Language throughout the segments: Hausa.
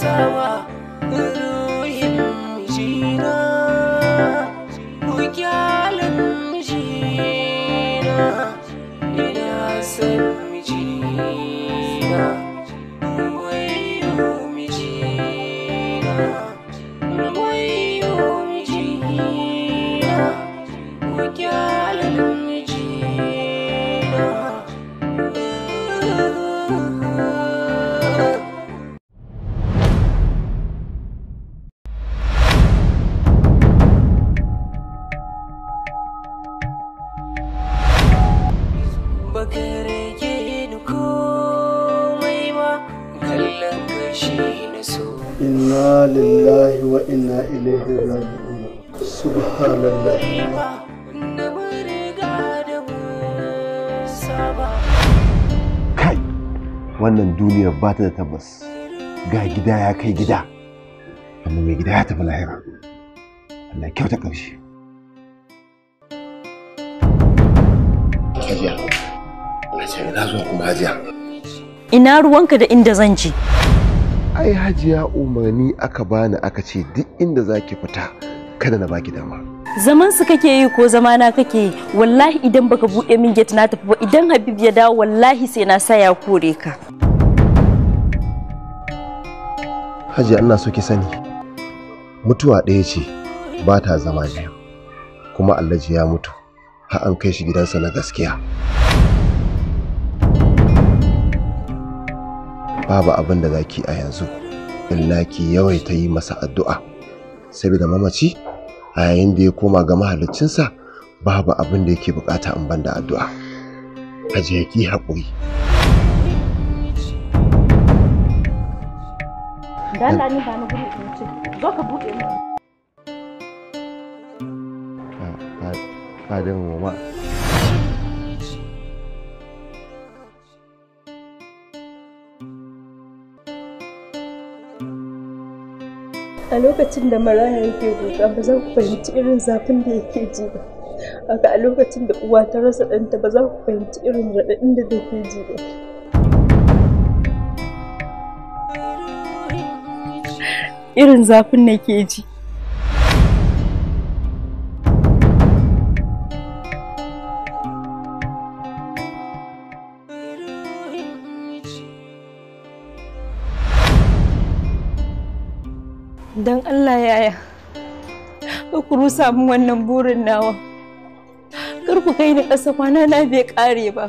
so kare ke ni komai ba kallon ka na inna lillahi wa inna ilaihi raji'un subhanallah kai wannan duniyar ba ta da tabbas ga gida ya kai gida amma mai gida ya tafi lahira Allah kyauta ƙarshe. na kuma hajiya ina ruwanka da inda zan je ai hajiya umarni aka bani aka ce duk inda zaki fita kada na baki dama zaman su kake yi ko zama na kake yi wallahi idan baka buɗe min gate na tafi ba idan habib ya dawo wallahi sai na sa ya kore ka hajiya ina so ki sani mutuwa ɗaya ce ba ta zama biyu kuma allaji ya mutu har an kai shi gidansa na gaskiya babu abin da zaki a yanzu illa ki ta yi masa addu'a saboda mamaci a yayin da ya koma ga mahaliccinsa babu abin da yake bukata in banda addu'a aje ki haƙuri Dan ni ba na gudu in ce, zo ka buɗe mu. a lokacin da maraya yake kuka ba za ku fahimci irin zafin da yake ji ba haka a lokacin da uwa ta rasa ɗanta ba za ku fahimci irin raɗaɗin da take ji ba irin zafin ke ji don Allah yaya ku rusa min wannan burin nawa kar ku kai ni ƙasa kwana na bai ƙare ba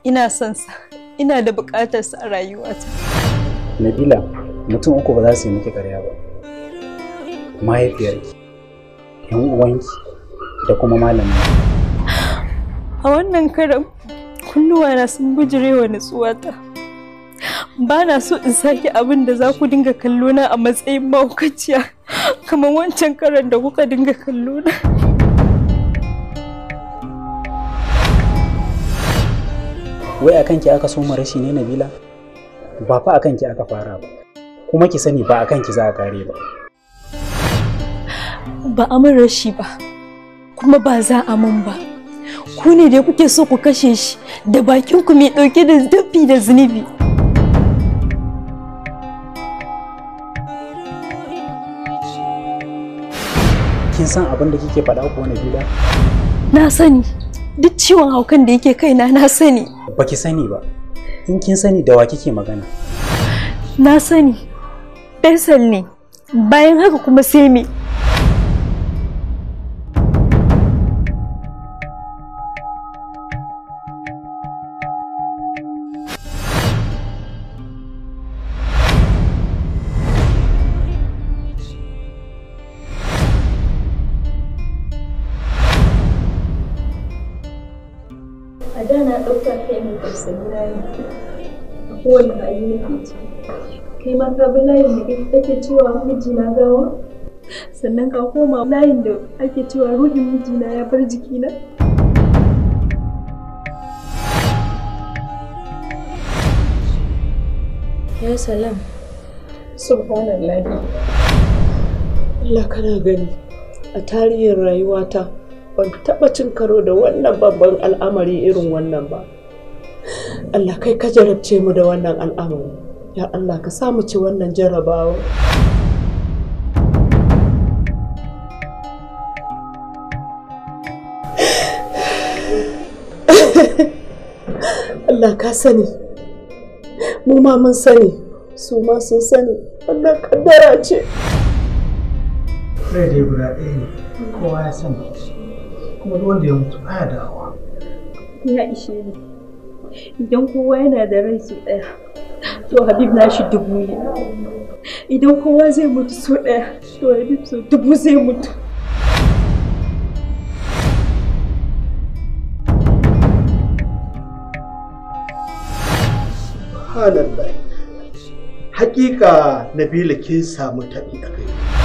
ina son sa ina da buƙatar sa a rayuwata Nabila mutum uku ba za su yi miki ƙarya ba mahaifiyarki yan uwanki da kuma malamin a wannan karan kunnuwana sun bijirewa nutsuwata ba na so in sake abin da za ku dinga kallo na a matsayin mahaukaciya kamar wancan karan da kuka dinga kallo na. Wai a kanki aka so rashi ne Nabila? Ba fa a kanki aka fara ba, kuma ki sani ba a kanki za a kare ba. Ba a min rashi ba, kuma ba za a min ba. Ku ne dai kuke so ku kashe shi da bakin ku mai ɗauke da dafi da zunubi. kin san abin da kike faɗa ko gida. Na sani. Duk ciwon haukan da yake kaina na sani. Baki sani ba. In kin sani da wa kike magana? Na sani. Faisal ne. Bayan haka kuma sai me? a da na ɗauka kai mai tausayi layin a kowane hali nake ci kai ma ka bi layin da ake cewa miji na gawa sannan ka koma layin da ake cewa ruhin mijina ya bar jikina ya salam subhanallah Allah kana gani a tarihin rayuwata ban taɓa cin karo da wannan babban al'amari irin wannan ba Allah kai ka jarabce mu da wannan al'amari ya Allah ka samu ci wannan jarabawa Allah ka sani mu ma mun sani su ma sun sani wannan kaddara ce Rai dai guda ɗaya ne kowa ya sani kuma duk wanda ya mutu baya dawowa ya ishe ni idan kowa yana da rai su ɗaya to habib na shi dubu ne idan kowa zai mutu su ɗaya to habib su dubu zai mutu Subhanallah. Hakika Nabila kin samu taɓi a kai.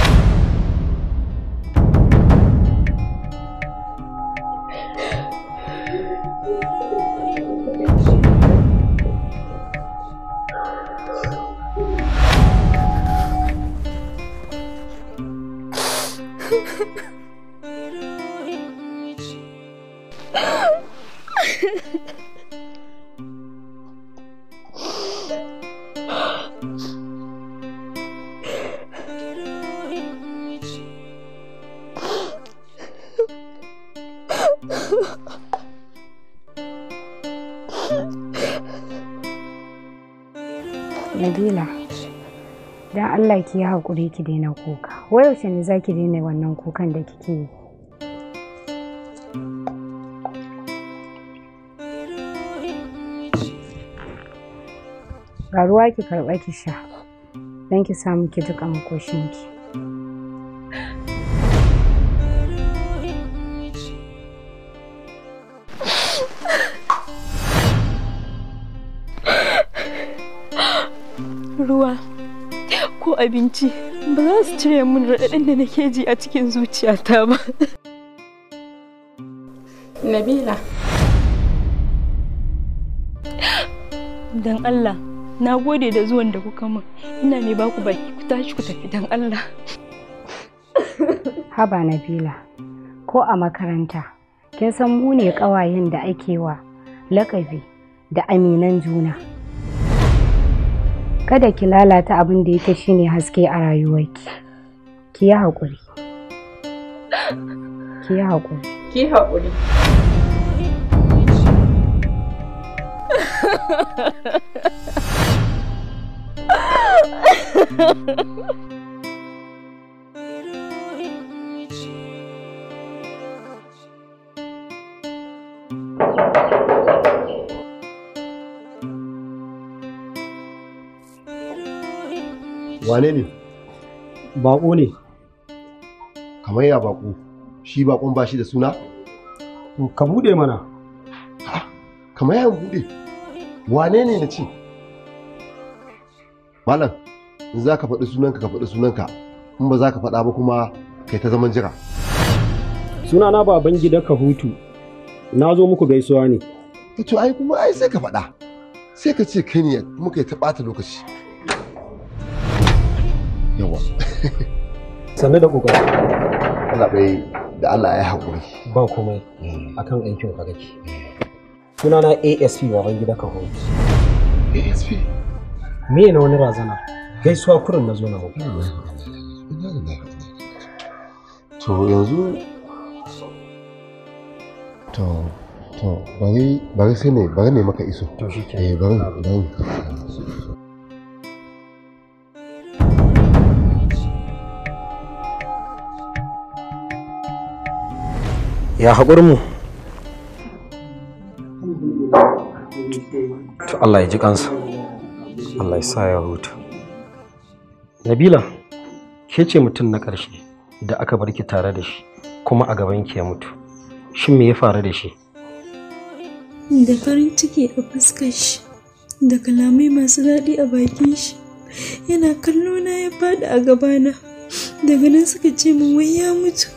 Nabila, don Allah ki yi haƙuri ki daina kuka. Wayaushe ne za ki daina wannan kukan da kike yi? karuwa ruwa ki karɓa ki sha don ki samu ki jiƙa makoshinki ruwa ko abinci ba za su cire min raɗaɗin da nake ji a cikin zuciyata ba nabila don allah na gode da zuwan da kuka min ina mai baku baki ku tashi ku tafi dan Allah haba nabila ko a makaranta kin san mu ne ƙawayen da ake wa lakabi da aminan juna kada ki lalata abin da yake shine haske a rayuwarki ki yi haƙuri ki yi haƙuri ki yi haƙuri ha ha ha ha! Wane ne? Baƙo ne. Kamar ya baƙo, shi baƙon ba shi da suna? Ka buɗe mana. Kamar ya buɗe. Wane ne na ce? Malam. za ka faɗi sunanka ka faɗi sunanka in ba za ka faɗa ba kuma kai ta zaman jira sunana baban gida ka hutu na zo muku gaisuwa ne to ai kuma ai sai ka faɗa sai ka ce kai ne kuma kai ta ɓata lokaci yawa sannu da kokari Allah bai da Allah ya haƙuri ba komai hmm. akan aikin ka kake sunana ASP baban gida ka hutu ASP me ne wani razana gaisuwa kurin na zo na muku to yanzu to to bari bari sai ne bari ne maka iso to shi ke eh, bari bari ya haƙuri mu to Allah ya ji kansa Allah ya sa ya huta Nabila, ke ce mutum na ƙarshe da aka bar ki tare da shi kuma a gaban ki ya mutu. Shin me ya faru da shi? Da farin ciki a fuskar shi, da kalamai masu daɗi a bakin shi, yana kallo na ya faɗi a gabana. Daga nan suka ce min wai ya mutu.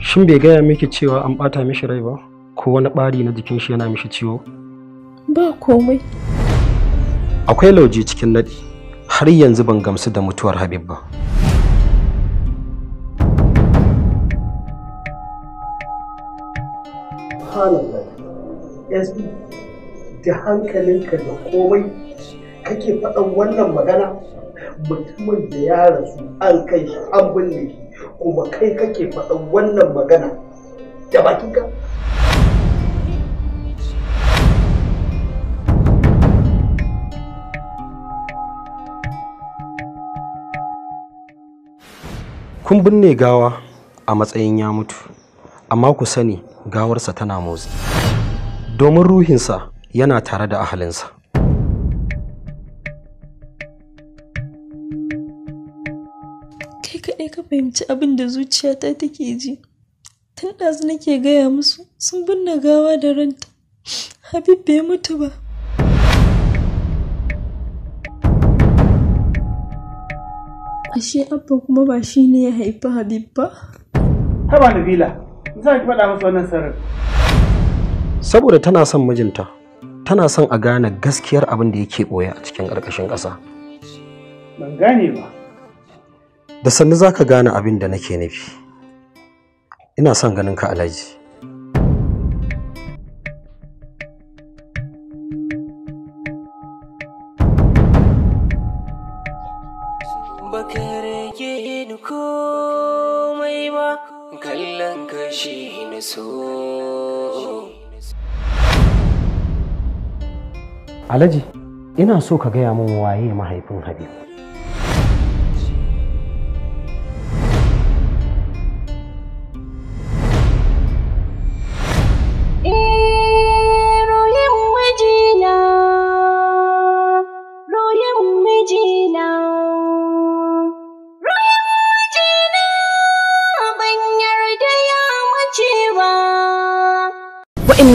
Shin bai gaya miki cewa an ɓata mishi rai ba? Ko wani ɓari na jikin shi yana mishi ciwo? Ba komai. Akwai lauje cikin naɗi. har yanzu ban gamsu da mutuwar habib ba da hankalinka da komai kake faɗan wannan magana mutumin da ya rasu an kai shi an binne kuma kai kake faɗan wannan magana da bakinka kun binne gawa a matsayin ya mutu amma ku sani gawarsa tana motsi domin ruhinsa yana tare da ahalinsa kai kaɗai ka fahimci abin da zuciyata take ji tun ɗazu nake gaya musu sun binne gawa da ranta habib bai mutu ba Ashe abba kuma ba shi ne ya haifi Habib ba? Haba Nabila, za ki faɗa masa wannan sirrin. Saboda tana son mijinta, tana son a gane gaskiyar abin da yake ɓoye a cikin ƙarƙashin ƙasa. Ban gane ba. Da sannu za ka gane abin da nake nufi. Ina son ganin ka Alhaji. baka rage ni komai ba kallon kashi na so Alhaji ina so ka gaya min waye mahaifin Habibu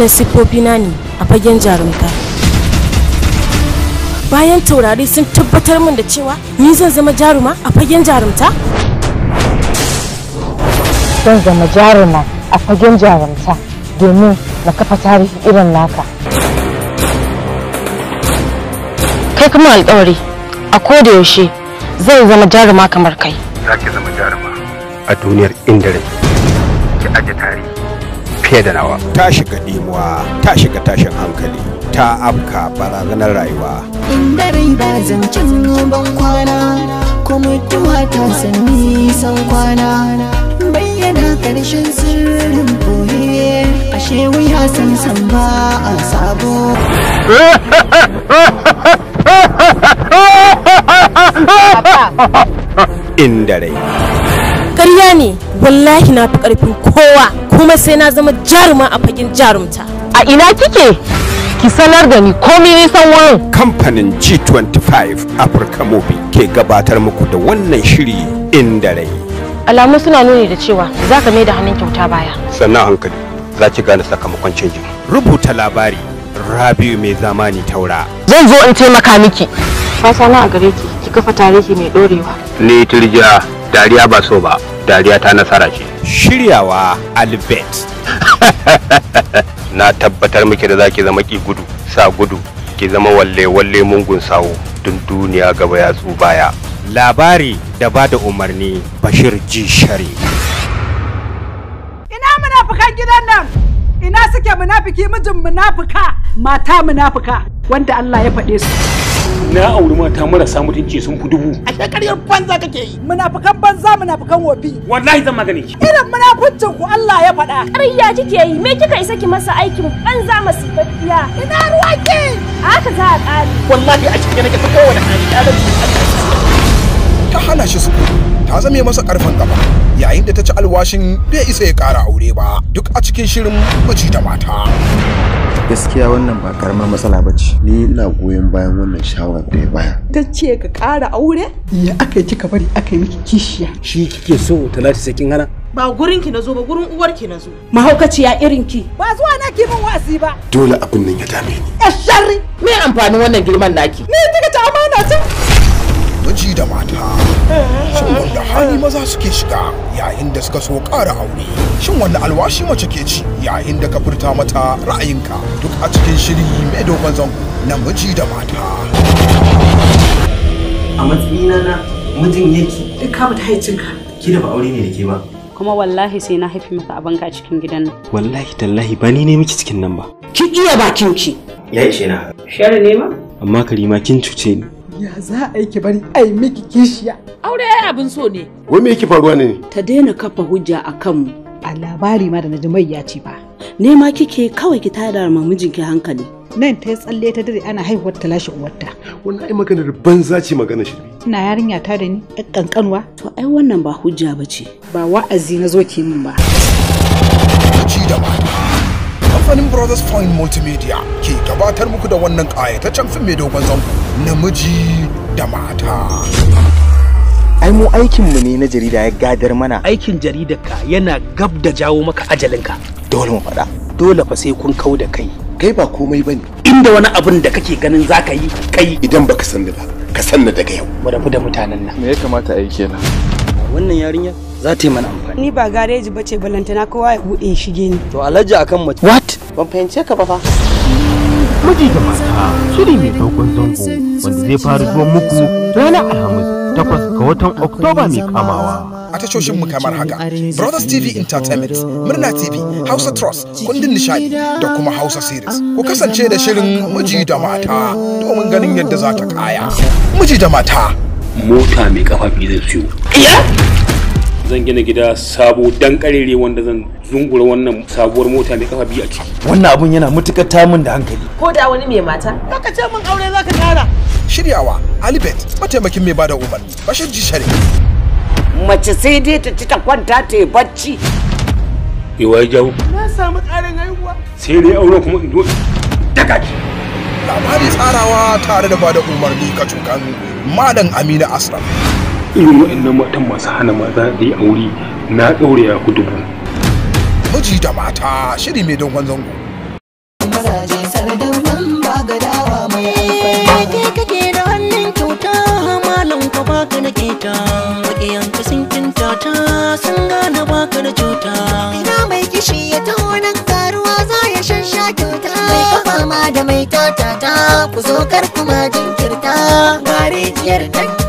siffofi na ne a fagen jarumta bayan taurari sun tabbatar min da cewa ni zan zama jaruma a fagen jarumta zan zama jaruma a fagen jarumta domin na kafa tarihi irin naka kai kuma alkawari a koda yaushe zan zama jaruma kamar kai za ki zama jaruma a duniyar inda rai ki aje tarihi fiye da nawa ta shiga dimuwa ta shiga tashin hankali ta afka barazanar rayuwa inda rai ba zancen ban kwana ko mutuwa ta sanni san kwana bayyana karshen sirrin boye ashe wuya san san ba a sabo inda rai ƙarya ne wallahi na fi ƙarfin kowa kuma sai na zama jaruma a fagen jarumta a ina kike ki sanar da ni komai nisan wurin kamfanin G25 Africa mobi ke gabatar muku da wannan shiri inda rai alamu suna nuni da cewa za ka mai da hannun kyauta baya sannan hankali za ki gane sakamakon canji rubuta labari rabiu mai zamani taura zan zo in taimaka miki Fasa na a gare ki ki kafa tarihi mai dorewa ni turja dariya ba so ba dariya ta nasara ce shiryawa albert na tabbatar miki da zaki zama ki gudu sa gudu ki zama walle walle mungun sawo dun duniya gaba ya tsu baya labari da ba da umarni bashir ji shari ina munafukan gidan nan ina suke munafiki mijin munafuka mata munafuka wanda Allah ya faɗe su na auri mata marasa mutunci sun fi dubu a shekarar banza kake yi munafukan banza munafukan wofi wallahi zan magane ki irin munafuncin ku Allah ya faɗa ƙarya kike yi me kika isa ki masa aikin banza masifaffiya ina ruwa a haka za a ƙare wallahi a cikin nake ta kowane hali ta hana shi su ta zame masa ƙarfin gaba yayin da ta ci alwashin bai isa ya ƙara aure ba duk a cikin shirin mace da mata gaskiya wannan ba karamar matsala ba ce ni ina goyon bayan wannan shawarar da ya baya ta ce ka ƙara aure ya aka yi kika bari aka yi miki kishiya shi kike so ta lati kin hana ba gurin ki nazo ba gurin uwar ki nazo mahaukaciya irin ki ba zuwa na ki min wasi ba dole abin nan ya dame ni ya sharri me amfanin wannan girman naki ni kika ta amana ta namiji da mata shin wanda hali maza suke shiga yayin da suka so ƙara aure shin wanda alwashi mace ke ci yayin da ka furta mata ra'ayinka duk a cikin shiri mai dogon zango na da mata a matsayina na mijin yake duk ka ta haicinka ki da ba aure ne da ke ba kuma wallahi sai na haifi maka abin ka cikin gidan nan wallahi tallahi ba ni ne miki cikin nan ba ki iya bakin ki ya ishe na share ne ma amma karima kin cuce ni ya za a yi ki bari yi miki kishiya aure ai abin so ne wai me yake faruwa ne ta daina kafa hujja akan kanmu a labari ma da na mai ya ce ba ne ma kike kawai ki tada ma mijinki hankali nan ta tsalle ta dare ana haihuwar ta lashe uwarta wannan ai maganar banza ce magana shi. ina yarinya ta da ni yan kankanwa to ai wannan ba hujja bace ba wa'azi na zo ki min ba ci da mata Stephanie brothers fine multimedia ke gabatar muku da wannan ƙayataccen fim mai dogon zango namiji da mata ai mu aikin mu ne na jarida ya gadar mana aikin jarida ka yana gab da jawo maka ajalinka dole mu faɗa dole fa sai kun kau da kai kai ba komai bane inda wani abin da kake ganin zaka yi kai idan baka sanni ba ka sanni daga yau mu rabu da mutanen nan me ya kamata a yi kenan wannan yarinya za ta yi mana amfani. Ni ba gareji ba ce balantana kowa ya buɗe shige ni. To alhaji akan mace. What? ban fahimce ka ba fa miji da mata shiri mai daukan zango wanda zai fara zuwan muku ranar alhamis takwas ga watan oktoba mai kamawa a tashoshin mu kamar haka Brothers TV Entertainment, Murna TV, Hausa Trust, Kundin Nishadi da kuma Hausa Series. Ku kasance da shirin miji da mata domin ganin yadda za ta kaya. Miji da mata. Mota mai kafa biyu zai siyo. yi. zan gina gida sabo dan karere wanda zan zungura wannan sabuwar mota mai kafa biyu a ciki wannan abun yana mutukar tamun da hankali ko da wani mai mata ka ce min aure zaka kara shiryawa alibet mataimakin mai bada umarni bashir jishari mace sai dai ta ci ta kwanta ta yi bacci yi wai jawo na samu karin haihuwa sai dai aure kuma in daga ki labari tsarawa tare da bada umarni kacukan malam amina Asra. irin waɗannan matan masu hana maza da aure na ɗaure ku dubu. Miji da mata shiri mai dogon zango. Mazaje sardaunan bagadawa mai amfani. Eh, kake da wannan kyauta malam ka baka na keta. Maƙiyanka sun kinta ta sun gane baka da cuta. Ina mai kishi ya taho nan karuwa za ya shan sha kyauta. Mai kafa ma da mai tatata ku zo kar kuma jinkirta. Garejiyar dangi.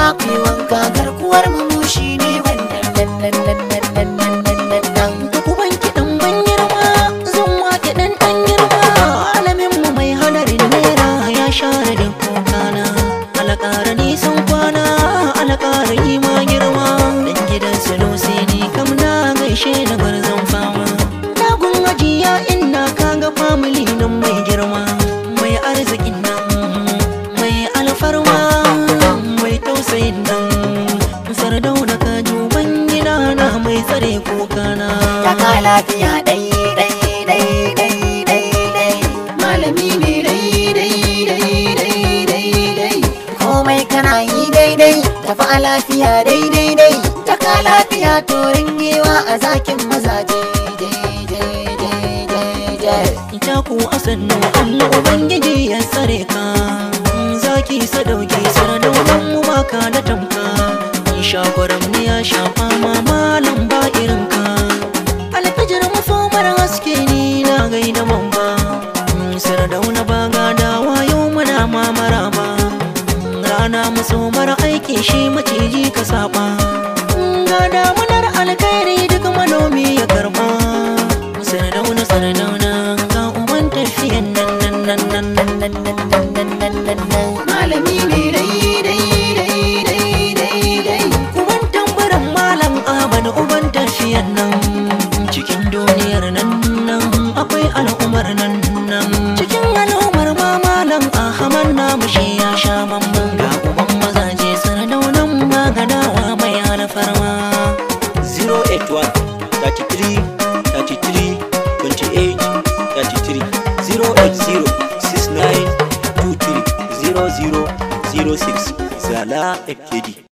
shakuwan ku wanka garkuwar mu ne daidai dai taka lafiya turin giwa a zakin mazaje ita ku a sannu Allah Ubangiji ya tsare ka zaki sadauki sardawan mu baka da tamka isha gwaram ne ya shafa malam ba irin ka alfajir mafomar haske ni na gaida mamba sardauna ba dawa yau muna mamara ba rana mara. shi maciji ka saba ga damunar alkhairi duk manomi ya karba sanadauna sanadauna ga tafiyan nan nan nan nan nan nan nan nan nan malami ne n